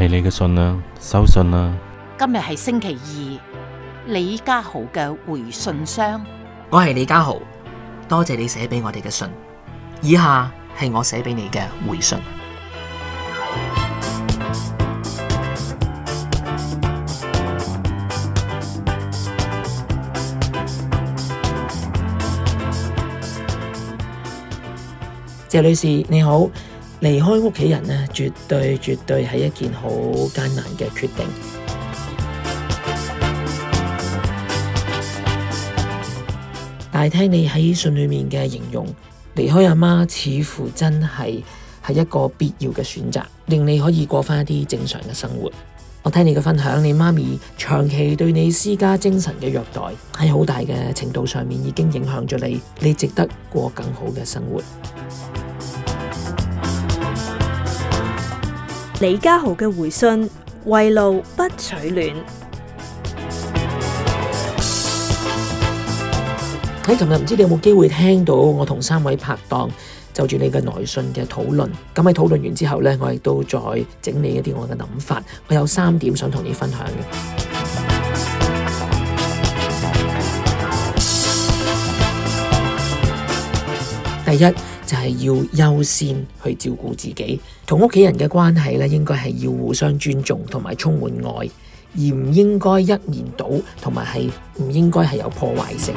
係你嘅信啦，收信啦。今日係星期二，李家豪嘅回信箱。我係李家豪，多謝你寫俾我哋嘅信。以下係我寫俾你嘅回信。謝女士，你好。離開屋企人咧，絕對絕對係一件好艱難嘅決定。但係聽你喺信裏面嘅形容，離開阿媽似乎真係係一個必要嘅選擇，令你可以過翻一啲正常嘅生活。我聽你嘅分享，你媽咪長期對你施加精神嘅虐待，喺好大嘅程度上面已經影響咗你，你值得過更好嘅生活。李家豪嘅回信：為路不取暖。喺琴日，唔知你有冇機會聽到我同三位拍檔就住你嘅來信嘅討論。咁喺討論完之後呢，我亦都再整理一啲我嘅諗法。我有三點想同你分享嘅。第一。就係要優先去照顧自己，同屋企人嘅關係咧，應該係要互相尊重同埋充滿愛，而唔應該一面倒，同埋係唔應該係有破壞性。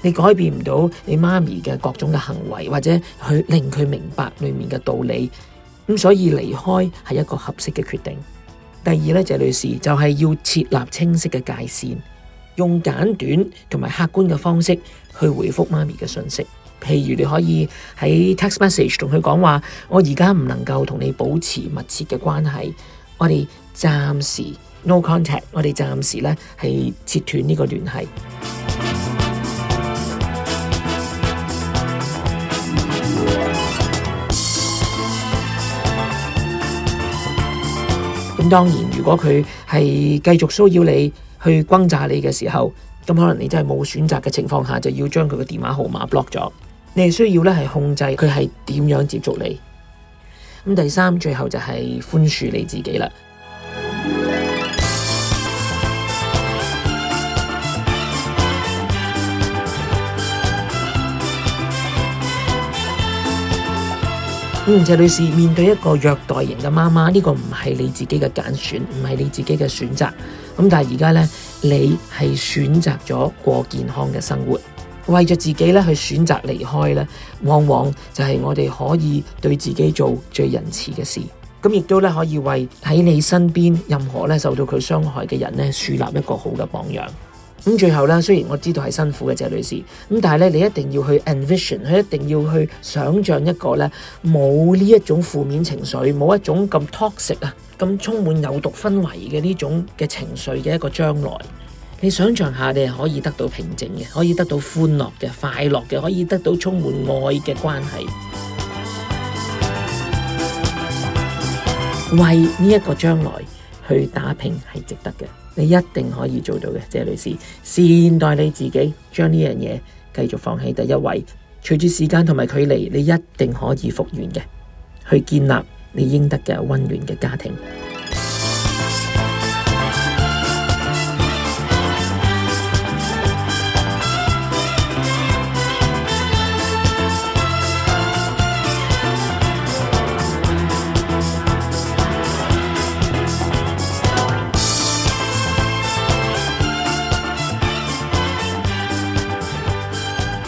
你改變唔到你媽咪嘅各種嘅行為，或者去令佢明白裏面嘅道理，咁所以離開係一個合適嘅決定。第二咧，謝、就係、女士就係、係、要設立清晰嘅界線，用簡短同埋客觀嘅方式去回覆媽咪嘅訊息。譬如你可以喺 text message 同佢講話，我而家唔能夠同你保持密切嘅關係，我哋暫時 no contact，我哋暫時咧係切斷呢個聯繫。當然，如果佢係繼續騷擾你，去轟炸你嘅時候，咁可能你真係冇選擇嘅情況下，就要將佢嘅電話號碼 block 咗。你係需要咧，係控制佢係點樣接觸你。咁第三，最後就係寬恕你自己啦。嗯，謝女士面對一個虐待型嘅媽媽，呢個唔係你自己嘅揀選，唔係你自己嘅選擇。咁但係而家呢，你係選擇咗過健康嘅生活，為咗自己咧去選擇離開呢，往往就係我哋可以對自己做最仁慈嘅事，咁亦都咧可以為喺你身邊任何咧受到佢傷害嘅人咧樹立一個好嘅榜樣。咁最後咧，雖然我知道係辛苦嘅，謝女士咁，但係咧，你一定要去 envision，佢一定要去想像一個咧冇呢一種負面情緒，冇一種咁 toxic 啊，咁充滿有毒氛圍嘅呢種嘅情緒嘅一個將來，你想像一下，你係可以得到平靜嘅，可以得到歡樂嘅、快樂嘅，可以得到充滿愛嘅關係，為呢一個將來去打拼係值得嘅。你一定可以做到嘅，謝女士，善待你自己，將呢樣嘢繼續放喺第一位。隨住時間同埋距離，你一定可以復原嘅，去建立你應得嘅溫暖嘅家庭。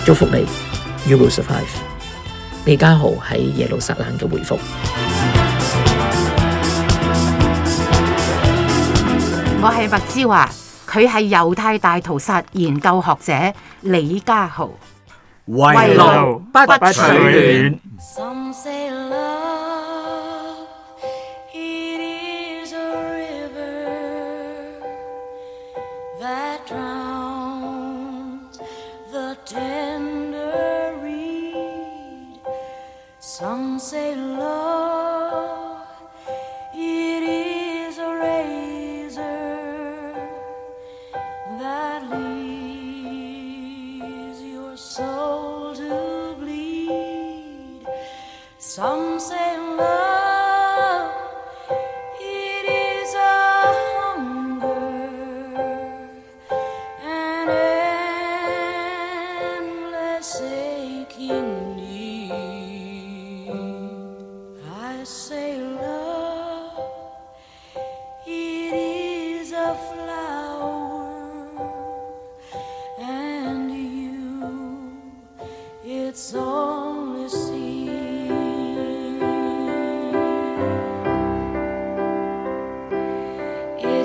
祝福你，You will survive。李家豪喺耶路撒冷嘅回覆。我係麥之華，佢係猶太大屠殺研究學者李家豪。為路不取暖。